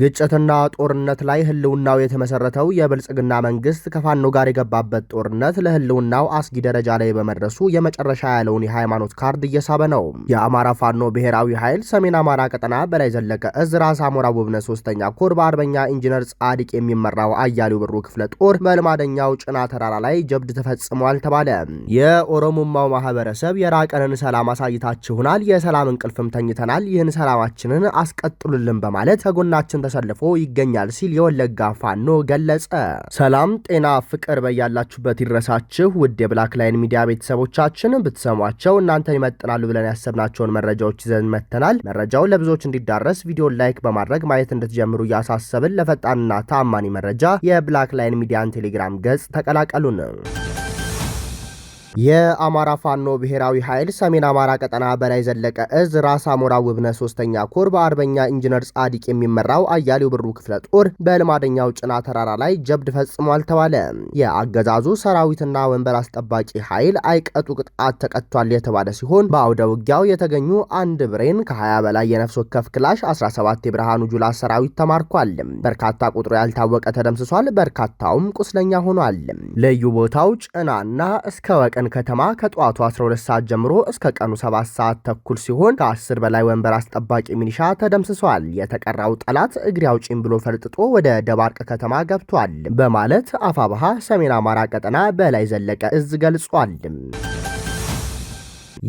ግጭትና ጦርነት ላይ ህልውናው የተመሰረተው የብልጽግና መንግስት ከፋኖ ጋር የገባበት ጦርነት ለህልውናው አስጊ ደረጃ ላይ በመድረሱ የመጨረሻ ያለውን የሃይማኖት ካርድ እየሳበ ነው። የአማራ ፋኖ ብሔራዊ ኃይል ሰሜን አማራ ቀጠና በላይ ዘለቀ እዝ ራስ አሞራ ውብነ ሶስተኛ ኮር በአርበኛ ኢንጂነር ጻድቅ የሚመራው አያሌው ብሩ ክፍለ ጦር በልማደኛው ጭና ተራራ ላይ ጀብድ ተፈጽሟል ተባለ። የኦሮሞማው ማህበረሰብ የራቀንን ሰላም አሳይታችሁናል፣ የሰላም እንቅልፍም ተኝተናል፣ ይህን ሰላማችንን አስቀጥሉልን በማለት ከጎናችን ተሰልፎ ይገኛል ሲል የወለጋ ፋኖ ገለጸ። ሰላም፣ ጤና፣ ፍቅር በያላችሁበት ይድረሳችሁ ውድ የብላክ ላይን ሚዲያ ቤተሰቦቻችን ብትሰሟቸው እናንተን ይመጥናሉ ብለን ያሰብናቸውን መረጃዎች ይዘን መጥተናል። መረጃውን ለብዙዎች እንዲዳረስ ቪዲዮን ላይክ በማድረግ ማየት እንድትጀምሩ እያሳሰብን ለፈጣንና ታማኒ መረጃ የብላክ ላይን ሚዲያን ቴሌግራም ገጽ ተቀላቀሉን። የአማራ ፋኖ ብሔራዊ ኃይል ሰሜን አማራ ቀጠና በላይ ዘለቀ እዝ ራስ አሞራ ውብነ ሶስተኛ ኮር በአርበኛ ኢንጂነር ጻዲቅ የሚመራው አያሌው ብሩ ክፍለ ጦር በልማደኛው ጭና ተራራ ላይ ጀብድ ፈጽሟል ተባለ። የአገዛዙ ሰራዊትና ወንበር አስጠባቂ ኃይል አይቀጡ ቅጣት ተቀጥቷል የተባለ ሲሆን በአውደ ውጊያው የተገኙ አንድ ብሬን ከ20 በላይ የነፍስ ወከፍ ክላሽ፣ 17 የብርሃኑ ጁላ ሰራዊት ተማርኳል። በርካታ ቁጥሩ ያልታወቀ ተደምስሷል። በርካታውም ቁስለኛ ሆኗል። ልዩ ቦታው ጭናና እስከ ወቀን በሰመራን ከተማ ከጠዋቱ 12 ሰዓት ጀምሮ እስከ ቀኑ 7 ሰዓት ተኩል ሲሆን ከ10 በላይ ወንበር አስጠባቂ ሚኒሻ ተደምስሷል። የተቀራው ጠላት እግሬ አውጪኝ ብሎ ፈልጥጦ ወደ ደባርቅ ከተማ ገብቷል በማለት አፋብሃ ሰሜን አማራ ቀጠና በላይ ዘለቀ እዝ ገልጿል።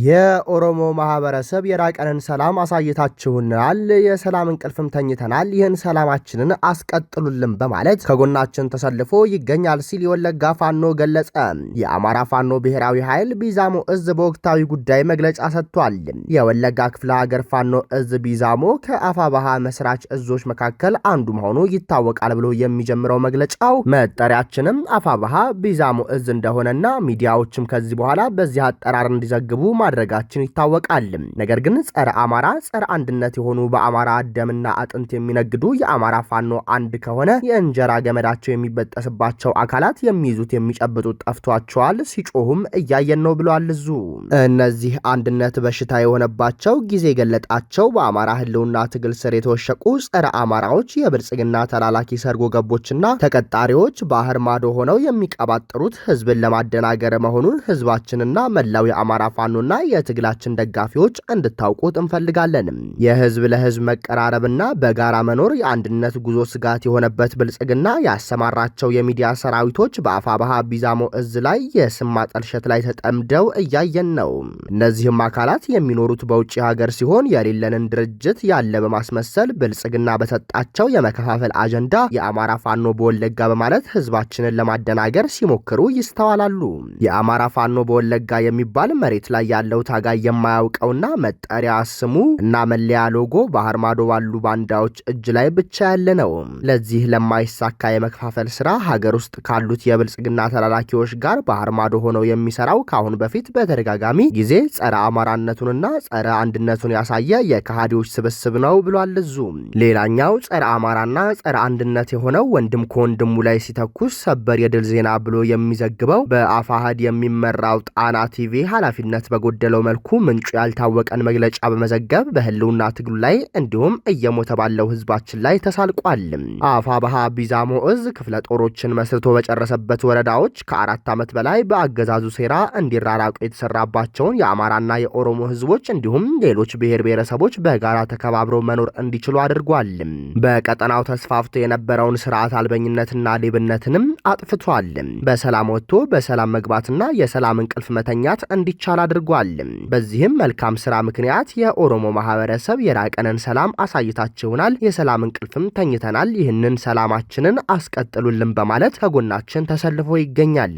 የኦሮሞ ማህበረሰብ የራቀንን ሰላም አሳይታችሁናል፣ የሰላም እንቅልፍም ተኝተናል፣ ይህን ሰላማችንን አስቀጥሉልን በማለት ከጎናችን ተሰልፎ ይገኛል ሲል የወለጋ ፋኖ ገለጸ። የአማራ ፋኖ ብሔራዊ ኃይል ቢዛሞ እዝ በወቅታዊ ጉዳይ መግለጫ ሰጥቷል። የወለጋ ክፍለ ሀገር ፋኖ እዝ ቢዛሞ ከአፋባሃ መስራች እዞች መካከል አንዱ መሆኑ ይታወቃል ብሎ የሚጀምረው መግለጫው መጠሪያችንም አፋባሃ ቢዛሞ እዝ እንደሆነና ሚዲያዎችም ከዚህ በኋላ በዚህ አጠራር እንዲዘግቡ ማድረጋችን ይታወቃል። ነገር ግን ጸረ አማራ፣ ጸረ አንድነት የሆኑ በአማራ ደምና አጥንት የሚነግዱ የአማራ ፋኖ አንድ ከሆነ የእንጀራ ገመዳቸው የሚበጠስባቸው አካላት የሚይዙት የሚጨብጡት ጠፍቷቸዋል። ሲጮሁም እያየን ነው ብለዋል እዙ። እነዚህ አንድነት በሽታ የሆነባቸው ጊዜ የገለጣቸው በአማራ ህልውና ትግል ስር የተወሸቁ ጸረ አማራዎች የብልጽግና ተላላኪ ሰርጎ ገቦችና ተቀጣሪዎች ባህር ማዶ ሆነው የሚቀባጥሩት ህዝብን ለማደናገር መሆኑን ህዝባችንና መላው የአማራ ፋኖ እንድታውቁና የትግላችን ደጋፊዎች እንድታውቁት እንፈልጋለን። የህዝብ ለህዝብ መቀራረብና በጋራ መኖር የአንድነት ጉዞ ስጋት የሆነበት ብልጽግና ያሰማራቸው የሚዲያ ሰራዊቶች በአፋባሃ ቢዛሞ እዝ ላይ የስም ማጠልሸት ላይ ተጠምደው እያየን ነው። እነዚህም አካላት የሚኖሩት በውጭ ሀገር ሲሆን የሌለንን ድርጅት ያለ በማስመሰል ብልጽግና በሰጣቸው የመከፋፈል አጀንዳ የአማራ ፋኖ በወለጋ በማለት ህዝባችንን ለማደናገር ሲሞክሩ ይስተዋላሉ። የአማራ ፋኖ በወለጋ የሚባል መሬት ላይ ያለው ታጋይ የማያውቀውና መጠሪያ ስሙ እና መለያ ሎጎ ባህር ማዶ ባሉ ባንዳዎች እጅ ላይ ብቻ ያለ ነው። ለዚህ ለማይሳካ የመከፋፈል ስራ ሀገር ውስጥ ካሉት የብልጽግና ተላላኪዎች ጋር ባህር ማዶ ሆነው የሚሰራው ከአሁን በፊት በተደጋጋሚ ጊዜ ጸረ አማራነቱንና ጸረ አንድነቱን ያሳየ የካሃዲዎች ስብስብ ነው ብሏል። ዙ ሌላኛው ጸረ አማራና ጸረ አንድነት የሆነው ወንድም ከወንድሙ ላይ ሲተኩስ ሰበር የድል ዜና ብሎ የሚዘግበው በአፋህድ የሚመራው ጣና ቲቪ ኃላፊነት በጎ በጎደለው መልኩ ምንጩ ያልታወቀን መግለጫ በመዘገብ በህልውና ትግሉ ላይ እንዲሁም እየሞተ ባለው ህዝባችን ላይ ተሳልቋል። አፋ ባሃ ቢዛሞ እዝ ክፍለ ጦሮችን መስርቶ በጨረሰበት ወረዳዎች ከአራት ዓመት በላይ በአገዛዙ ሴራ እንዲራራቁ የተሰራባቸውን የአማራና የኦሮሞ ህዝቦች እንዲሁም ሌሎች ብሔር ብሔረሰቦች በጋራ ተከባብረው መኖር እንዲችሉ አድርጓል። በቀጠናው ተስፋፍቶ የነበረውን ስርዓት አልበኝነትና ሌብነትንም አጥፍቷል። በሰላም ወጥቶ በሰላም መግባትና የሰላም እንቅልፍ መተኛት እንዲቻል አድርጓል። ብለዋል። በዚህም መልካም ስራ ምክንያት የኦሮሞ ማህበረሰብ የራቀንን ሰላም አሳይታችሁናል፣ የሰላም እንቅልፍም ተኝተናል፣ ይህንን ሰላማችንን አስቀጥሉልን በማለት ከጎናችን ተሰልፎ ይገኛል።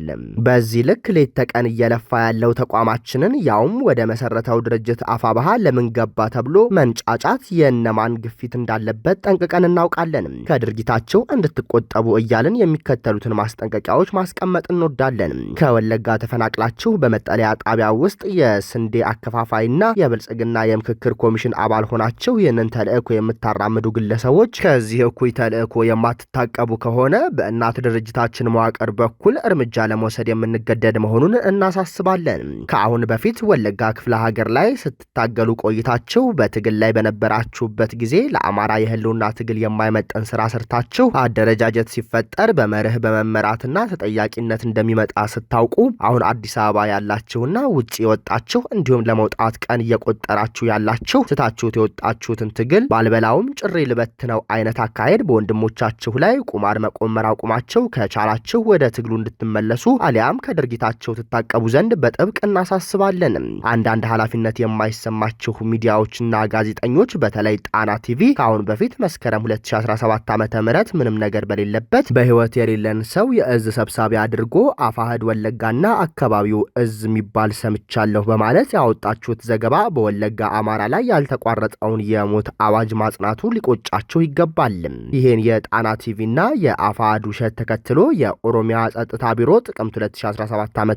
በዚህ ልክ ሌት ተቀን እየለፋ ያለው ተቋማችንን ያውም ወደ መሰረተው ድርጅት አፋባሃ ለምን ገባ ተብሎ መንጫጫት የእነማን ግፊት እንዳለበት ጠንቅቀን እናውቃለን። ከድርጊታቸው እንድትቆጠቡ እያልን የሚከተሉትን ማስጠንቀቂያዎች ማስቀመጥ እንወዳለን። ከወለጋ ተፈናቅላችሁ በመጠለያ ጣቢያ ውስጥ የ የስንዴ አከፋፋይና የብልጽግና የምክክር ኮሚሽን አባል ሆናቸው ይህንን ተልእኮ የምታራምዱ ግለሰቦች ከዚህ እኩይ ተልእኮ የማትታቀቡ ከሆነ በእናት ድርጅታችን መዋቅር በኩል እርምጃ ለመውሰድ የምንገደድ መሆኑን እናሳስባለን። ከአሁን በፊት ወለጋ ክፍለ ሀገር ላይ ስትታገሉ ቆይታችሁ በትግል ላይ በነበራችሁበት ጊዜ ለአማራ የህልውና ትግል የማይመጠን ስራ ሰርታችሁ አደረጃጀት ሲፈጠር በመርህ በመመራትና ተጠያቂነት እንደሚመጣ ስታውቁ አሁን አዲስ አበባ ያላችሁና ውጭ የወጣ ያላችሁ እንዲሁም ለመውጣት ቀን እየቆጠራችሁ ያላችሁ ትታችሁት የወጣችሁትን ትግል ባልበላውም ጭሬ ልበት ነው አይነት አካሄድ በወንድሞቻችሁ ላይ ቁማር መቆመር አቁማችሁ ከቻላችሁ ወደ ትግሉ እንድትመለሱ አሊያም ከድርጊታቸው ትታቀቡ ዘንድ በጥብቅ እናሳስባለን። አንዳንድ ኃላፊነት የማይሰማችሁ ሚዲያዎችና ጋዜጠኞች በተለይ ጣና ቲቪ ከአሁን በፊት መስከረም 2017 ዓ ም ምንም ነገር በሌለበት በህይወት የሌለን ሰው የእዝ ሰብሳቢ አድርጎ አፋህድ ወለጋና አካባቢው እዝ የሚባል ሰምቻለሁ በማለት ያወጣችሁት ዘገባ በወለጋ አማራ ላይ ያልተቋረጠውን የሞት አዋጅ ማጽናቱ ሊቆጫችሁ ይገባል። ይህን የጣና ቲቪና የአፋድ ውሸት ተከትሎ የኦሮሚያ ጸጥታ ቢሮ ጥቅምት 2017 ዓ ም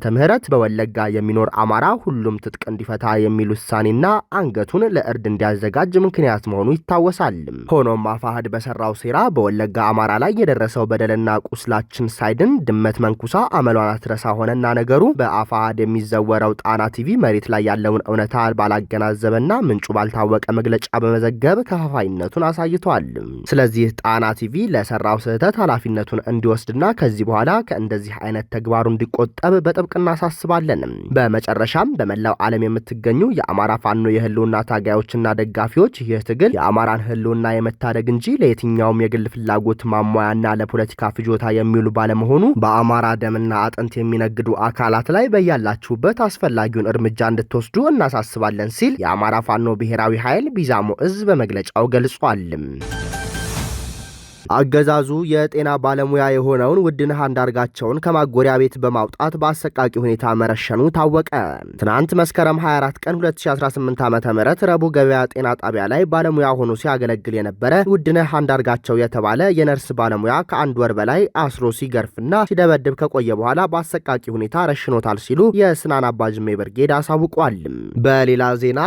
በወለጋ የሚኖር አማራ ሁሉም ትጥቅ እንዲፈታ የሚል ውሳኔና አንገቱን ለእርድ እንዲያዘጋጅ ምክንያት መሆኑ ይታወሳል። ሆኖም አፋህድ በሰራው ሴራ በወለጋ አማራ ላይ የደረሰው በደልና ቁስላችን ሳይድን ድመት መንኩሳ አመሏን አትረሳ ሆነና ነገሩ በአፋህድ የሚዘወረው ጣና ቲቪ መሬት ላይ ያለውን እውነታ ባላገናዘበና ምንጩ ባልታወቀ መግለጫ በመዘገብ ከፋፋይነቱን አሳይቷል። ስለዚህ ጣና ቲቪ ለሰራው ስህተት ኃላፊነቱን እንዲወስድና ከዚህ በኋላ ከእንደዚህ አይነት ተግባሩ እንዲቆጠብ በጥብቅ እናሳስባለን። በመጨረሻም በመላው ዓለም የምትገኙ የአማራ ፋኖ የህልውና ታጋዮችና ደጋፊዎች ይህ ትግል የአማራን ህልውና የመታደግ እንጂ ለየትኛውም የግል ፍላጎት ማሟያና ለፖለቲካ ፍጆታ የሚውሉ ባለመሆኑ በአማራ ደምና አጥንት የሚነግዱ አካላት ላይ በያላችሁበት አስፈላጊውን እርምጃ እንድትወስዱ እናሳስባለን ሲል የአማራ ፋኖ ብሔራዊ ኃይል ቢዛሞ እዝ በመግለጫው ገልጿል። አገዛዙ የጤና ባለሙያ የሆነውን ውድነህ አንዳርጋቸውን ከማጎሪያ ቤት በማውጣት በአሰቃቂ ሁኔታ መረሸኑ ታወቀ። ትናንት መስከረም 24 ቀን 2018 ዓ ም ረቡዕ ገበያ ጤና ጣቢያ ላይ ባለሙያ ሆኖ ሲያገለግል የነበረ ውድነህ አንዳርጋቸው የተባለ የነርስ ባለሙያ ከአንድ ወር በላይ አስሮ ሲገርፍና ሲደበድብ ከቆየ በኋላ በአሰቃቂ ሁኔታ ረሽኖታል ሲሉ የስናን አባጅሜ ብርጌድ አሳውቋል። በሌላ ዜና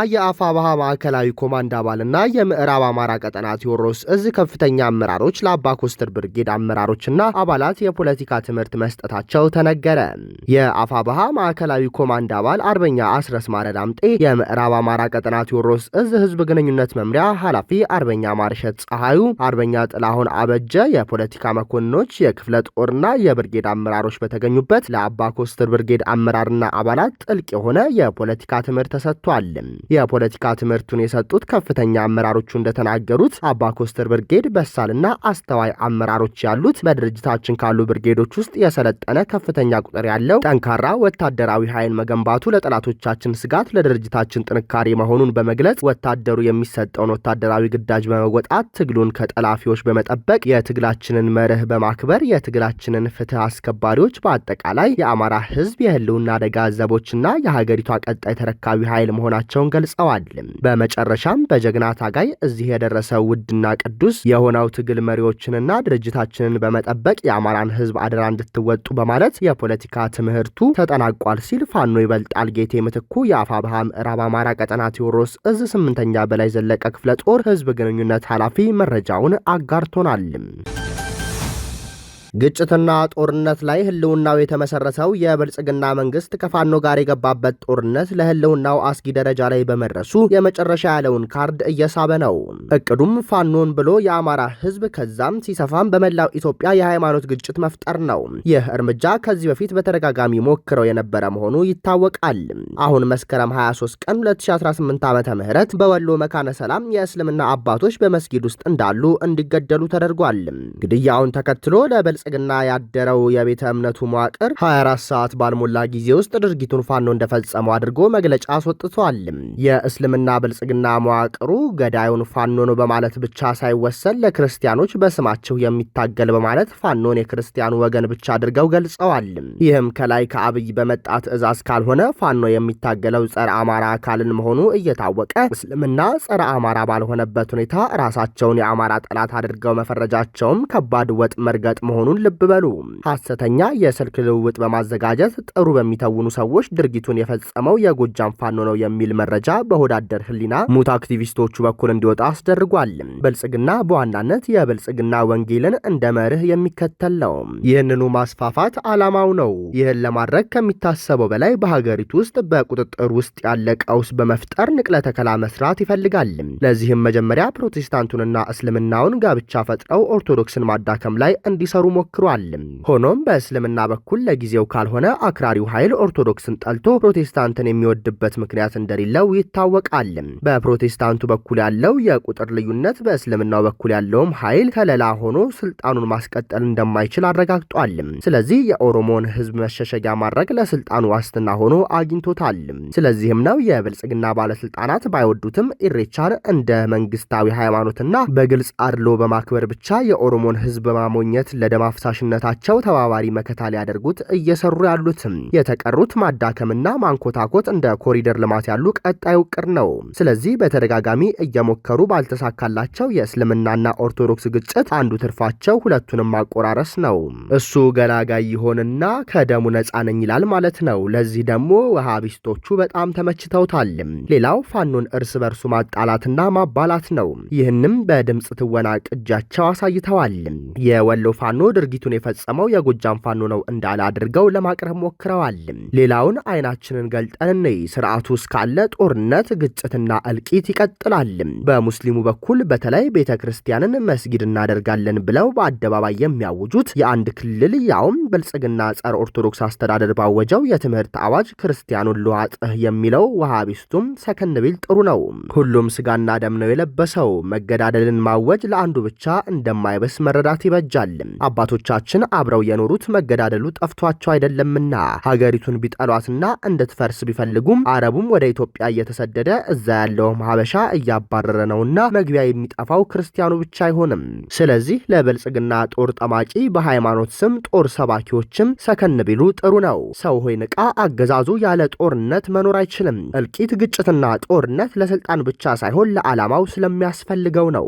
ባህ ማዕከላዊ ኮማንድ አባልና የምዕራብ አማራ ቀጠና ቴዎድሮስ እዝ ከፍተኛ አመራሮች ለአባ ኮስተር ብርጌድ አመራሮችና አባላት የፖለቲካ ትምህርት መስጠታቸው ተነገረ። የአፋብሃ ማዕከላዊ ኮማንድ አባል አርበኛ አስረስ ማረዳምጤ የምዕራብ አማራ ቀጠና ቴዎድሮስ እዝ ህዝብ ግንኙነት መምሪያ ኃላፊ አርበኛ ማርሸት ፀሐዩ፣ አርበኛ ጥላሁን አበጀ፣ የፖለቲካ መኮንኖች፣ የክፍለ ጦርና የብርጌድ አመራሮች በተገኙበት ለአባ ኮስተር ብርጌድ አመራርና አባላት ጥልቅ የሆነ የፖለቲካ ትምህርት ተሰጥቷል። የፖለቲካ ትምህርቱን የሰጡት ከፍተኛ አመራሮቹ እንደተናገሩት አባ ኮስተር ብርጌድ በሳልና አስተዋይ አመራሮች ያሉት በድርጅታችን ካሉ ብርጌዶች ውስጥ የሰለጠነ ከፍተኛ ቁጥር ያለው ጠንካራ ወታደራዊ ኃይል መገንባቱ ለጠላቶቻችን ስጋት፣ ለድርጅታችን ጥንካሬ መሆኑን በመግለጽ ወታደሩ የሚሰጠውን ወታደራዊ ግዳጅ በመወጣት ትግሉን ከጠላፊዎች በመጠበቅ የትግላችንን መርህ በማክበር የትግላችንን ፍትህ አስከባሪዎች በአጠቃላይ የአማራ ህዝብ የህልውና አደጋ ዘቦችና የሀገሪቷ ቀጣይ ተረካቢ ኃይል መሆናቸውን ገልጸዋል። በመጨረሻም በጀግና ታጋይ እዚህ የደረሰው ውድና ቅዱስ የሆነው ትግል መሪ ታዛቢዎችንና ድርጅታችንን በመጠበቅ የአማራን ህዝብ አደራ እንድትወጡ በማለት የፖለቲካ ትምህርቱ ተጠናቋል ሲል ፋኖ ይበልጣል ጌቴ ምትኩ የአፋብሃ ምዕራብ አማራ ቀጠና ቴዎድሮስ እዝ ስምንተኛ በላይ ዘለቀ ክፍለ ጦር ህዝብ ግንኙነት ኃላፊ መረጃውን አጋርቶናል። ግጭትና ጦርነት ላይ ህልውናው የተመሰረተው የብልጽግና መንግስት ከፋኖ ጋር የገባበት ጦርነት ለህልውናው አስጊ ደረጃ ላይ በመድረሱ የመጨረሻ ያለውን ካርድ እየሳበ ነው። እቅዱም ፋኖን ብሎ የአማራ ህዝብ ከዛም ሲሰፋም በመላው ኢትዮጵያ የሃይማኖት ግጭት መፍጠር ነው። ይህ እርምጃ ከዚህ በፊት በተደጋጋሚ ሞክረው የነበረ መሆኑ ይታወቃል። አሁን መስከረም 23 ቀን 2018 ዓ ም በወሎ መካነ ሰላም የእስልምና አባቶች በመስጊድ ውስጥ እንዳሉ እንዲገደሉ ተደርጓል። ግድያውን ተከትሎ ለበልጽ ብልጽግና ያደረው የቤተ እምነቱ መዋቅር 24 ሰዓት ባልሞላ ጊዜ ውስጥ ድርጊቱን ፋኖ እንደፈጸመው አድርጎ መግለጫ አስወጥቷል። የእስልምና ብልጽግና መዋቅሩ ገዳዩን ፋኖ ነው በማለት ብቻ ሳይወሰን ለክርስቲያኖች በስማቸው የሚታገል በማለት ፋኖን የክርስቲያኑ ወገን ብቻ አድርገው ገልጸዋል። ይህም ከላይ ከአብይ በመጣ ትዕዛዝ ካልሆነ ፋኖ የሚታገለው ጸረ አማራ አካልን መሆኑ እየታወቀ እስልምና ጸረ አማራ ባልሆነበት ሁኔታ ራሳቸውን የአማራ ጠላት አድርገው መፈረጃቸውም ከባድ ወጥ መርገጥ መሆኑን መሆኑን ልብ በሉ። ሐሰተኛ የስልክ ልውውጥ በማዘጋጀት ጥሩ በሚተውኑ ሰዎች ድርጊቱን የፈጸመው የጎጃም ፋኖ ነው የሚል መረጃ በሆዳደር ህሊና ሙት አክቲቪስቶቹ በኩል እንዲወጣ አስደርጓል። ብልጽግና በዋናነት የብልጽግና ወንጌልን እንደ መርህ የሚከተል ነው። ይህንኑ ማስፋፋት ዓላማው ነው። ይህን ለማድረግ ከሚታሰበው በላይ በሀገሪቱ ውስጥ በቁጥጥር ውስጥ ያለ ቀውስ በመፍጠር ንቅለ ተከላ መስራት ይፈልጋል። ለዚህም መጀመሪያ ፕሮቴስታንቱንና እስልምናውን ጋብቻ ፈጥረው ኦርቶዶክስን ማዳከም ላይ እንዲሰሩ ሞክሯል። ሆኖም በእስልምና በኩል ለጊዜው ካልሆነ አክራሪው ኃይል ኦርቶዶክስን ጠልቶ ፕሮቴስታንትን የሚወድበት ምክንያት እንደሌለው ይታወቃል። በፕሮቴስታንቱ በኩል ያለው የቁጥር ልዩነት በእስልምናው በኩል ያለውም ኃይል ከለላ ሆኖ ስልጣኑን ማስቀጠል እንደማይችል አረጋግጧል። ስለዚህ የኦሮሞን ህዝብ መሸሸጊያ ማድረግ ለስልጣኑ ዋስትና ሆኖ አግኝቶታልም። ስለዚህም ነው የብልጽግና ባለስልጣናት ባይወዱትም ኢሬቻን እንደ መንግስታዊ ሃይማኖትና በግልጽ አድሎ በማክበር ብቻ የኦሮሞን ህዝብ ማሞኘት ለደማ አፍሳሽነታቸው ተባባሪ መከታ ሊያደርጉት እየሰሩ ያሉትም የተቀሩት ማዳከምና ማንኮታኮት እንደ ኮሪደር ልማት ያሉ ቀጣይ ውቅር ነው። ስለዚህ በተደጋጋሚ እየሞከሩ ባልተሳካላቸው የእስልምናና ኦርቶዶክስ ግጭት አንዱ ትርፋቸው ሁለቱንም ማቆራረስ ነው። እሱ ገላጋይ ይሆንና ከደሙ ነፃ ነኝ ይላል ማለት ነው። ለዚህ ደግሞ ውሃቢስቶቹ በጣም ተመችተውታል። ሌላው ፋኖን እርስ በርሱ ማጣላትና ማባላት ነው። ይህንም በድምፅ ትወና ቅጃቸው አሳይተዋል። የወሎ ፋኖ ድርጊቱን የፈጸመው የጎጃም ፋኖ ነው እንዳለ አድርገው ለማቅረብ ሞክረዋል። ሌላውን አይናችንን ገልጠን እንይ። ስርዓቱ እስካለ ጦርነት፣ ግጭትና እልቂት ይቀጥላል። በሙስሊሙ በኩል በተለይ ቤተ ክርስቲያንን መስጊድ እናደርጋለን ብለው በአደባባይ የሚያውጁት የአንድ ክልል ያውም ብልጽግና ጸረ ኦርቶዶክስ አስተዳደር ባወጀው የትምህርት አዋጅ ክርስቲያኑን ልዋጥህ የሚለው ውሃቢስቱም ሰከን ቢል ጥሩ ነው። ሁሉም ስጋና ደም ነው የለበሰው። መገዳደልን ማወጅ ለአንዱ ብቻ እንደማይበስ መረዳት ይበጃል። አባ አባቶቻችን አብረው የኖሩት መገዳደሉ ጠፍቷቸው አይደለምና ሀገሪቱን ቢጠሏትና እንድትፈርስ ቢፈልጉም አረቡም ወደ ኢትዮጵያ እየተሰደደ እዛ ያለውም ሀበሻ እያባረረ ነውና መግቢያ የሚጠፋው ክርስቲያኑ ብቻ አይሆንም። ስለዚህ ለብልጽግና ጦር ጠማቂ በሃይማኖት ስም ጦር ሰባኪዎችም ሰከን ቢሉ ጥሩ ነው። ሰው ሆይ ንቃ። አገዛዙ ያለ ጦርነት መኖር አይችልም። እልቂት፣ ግጭትና ጦርነት ለስልጣን ብቻ ሳይሆን ለዓላማው ስለሚያስፈልገው ነው።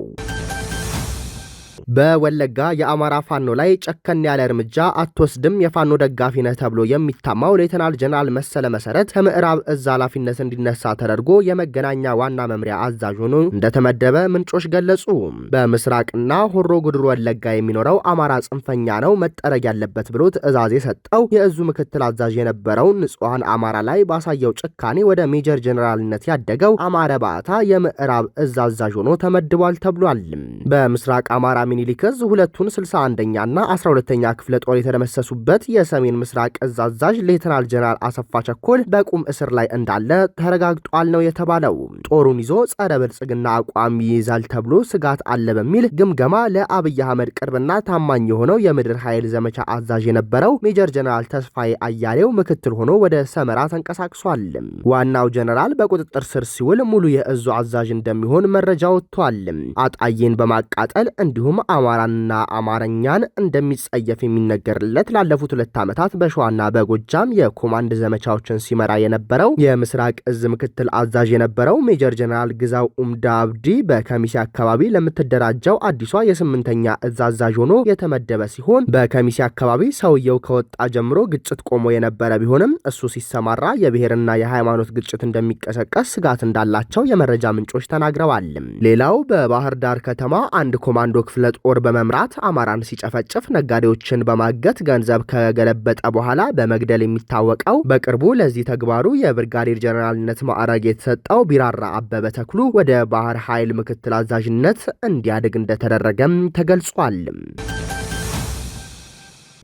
በወለጋ የአማራ ፋኖ ላይ ጨከን ያለ እርምጃ አትወስድም የፋኖ ደጋፊ ነህ ተብሎ የሚታማው ሌተናል ጀነራል መሰለ መሰረት ከምዕራብ እዝ ኃላፊነት እንዲነሳ ተደርጎ የመገናኛ ዋና መምሪያ አዛዥ ሆኖ እንደተመደበ ምንጮች ገለጹ። በምስራቅና ሆሮ ጉድሩ ወለጋ የሚኖረው አማራ ጽንፈኛ ነው መጠረግ ያለበት ብሎ ትዕዛዝ የሰጠው የእዙ ምክትል አዛዥ የነበረውን ንጹሐን አማራ ላይ ባሳየው ጭካኔ ወደ ሜጀር ጀነራልነት ያደገው አማረ ባታ የምዕራብ እዝ አዛዥ ሆኖ ተመድቧል ተብሏል። በምስራቅ አማራ ምኒልክ ሁለቱን 61ኛና 12ኛ ክፍለ ጦር የተደመሰሱበት የሰሜን ምስራቅ እዝ አዛዥ ሌተናል ጀነራል አሰፋ ቸኮል በቁም እስር ላይ እንዳለ ተረጋግጧል ነው የተባለው። ጦሩን ይዞ ጸረ ብልጽግና አቋም ይይዛል ተብሎ ስጋት አለ በሚል ግምገማ ለአብይ አህመድ ቅርብና ታማኝ የሆነው የምድር ኃይል ዘመቻ አዛዥ የነበረው ሜጀር ጀነራል ተስፋዬ አያሌው ምክትል ሆኖ ወደ ሰመራ ተንቀሳቅሷል። ዋናው ጀነራል በቁጥጥር ስር ሲውል ሙሉ የእዙ አዛዥ እንደሚሆን መረጃ ወጥቷል። አጣዬን በማቃጠል እንዲሁም አማራና አማርኛን እንደሚጸየፍ የሚነገርለት ላለፉት ሁለት ዓመታት በሸዋና በጎጃም የኮማንድ ዘመቻዎችን ሲመራ የነበረው የምስራቅ እዝ ምክትል አዛዥ የነበረው ሜጀር ጀነራል ግዛው ኡምዳ አብዲ በከሚሴ አካባቢ ለምትደራጀው አዲሷ የስምንተኛ እዝ አዛዥ ሆኖ የተመደበ ሲሆን በከሚሴ አካባቢ ሰውየው ከወጣ ጀምሮ ግጭት ቆሞ የነበረ ቢሆንም እሱ ሲሰማራ የብሔርና የሃይማኖት ግጭት እንደሚቀሰቀስ ስጋት እንዳላቸው የመረጃ ምንጮች ተናግረዋል። ሌላው በባህር ዳር ከተማ አንድ ኮማንዶ ክፍለ ጦር በመምራት አማራን ሲጨፈጭፍ ነጋዴዎችን በማገት ገንዘብ ከገለበጠ በኋላ በመግደል የሚታወቀው በቅርቡ ለዚህ ተግባሩ የብርጋዴር ጀነራልነት ማዕረግ የተሰጠው ቢራራ አበበ ተክሉ ወደ ባህር ኃይል ምክትል አዛዥነት እንዲያድግ እንደተደረገም ተገልጿል።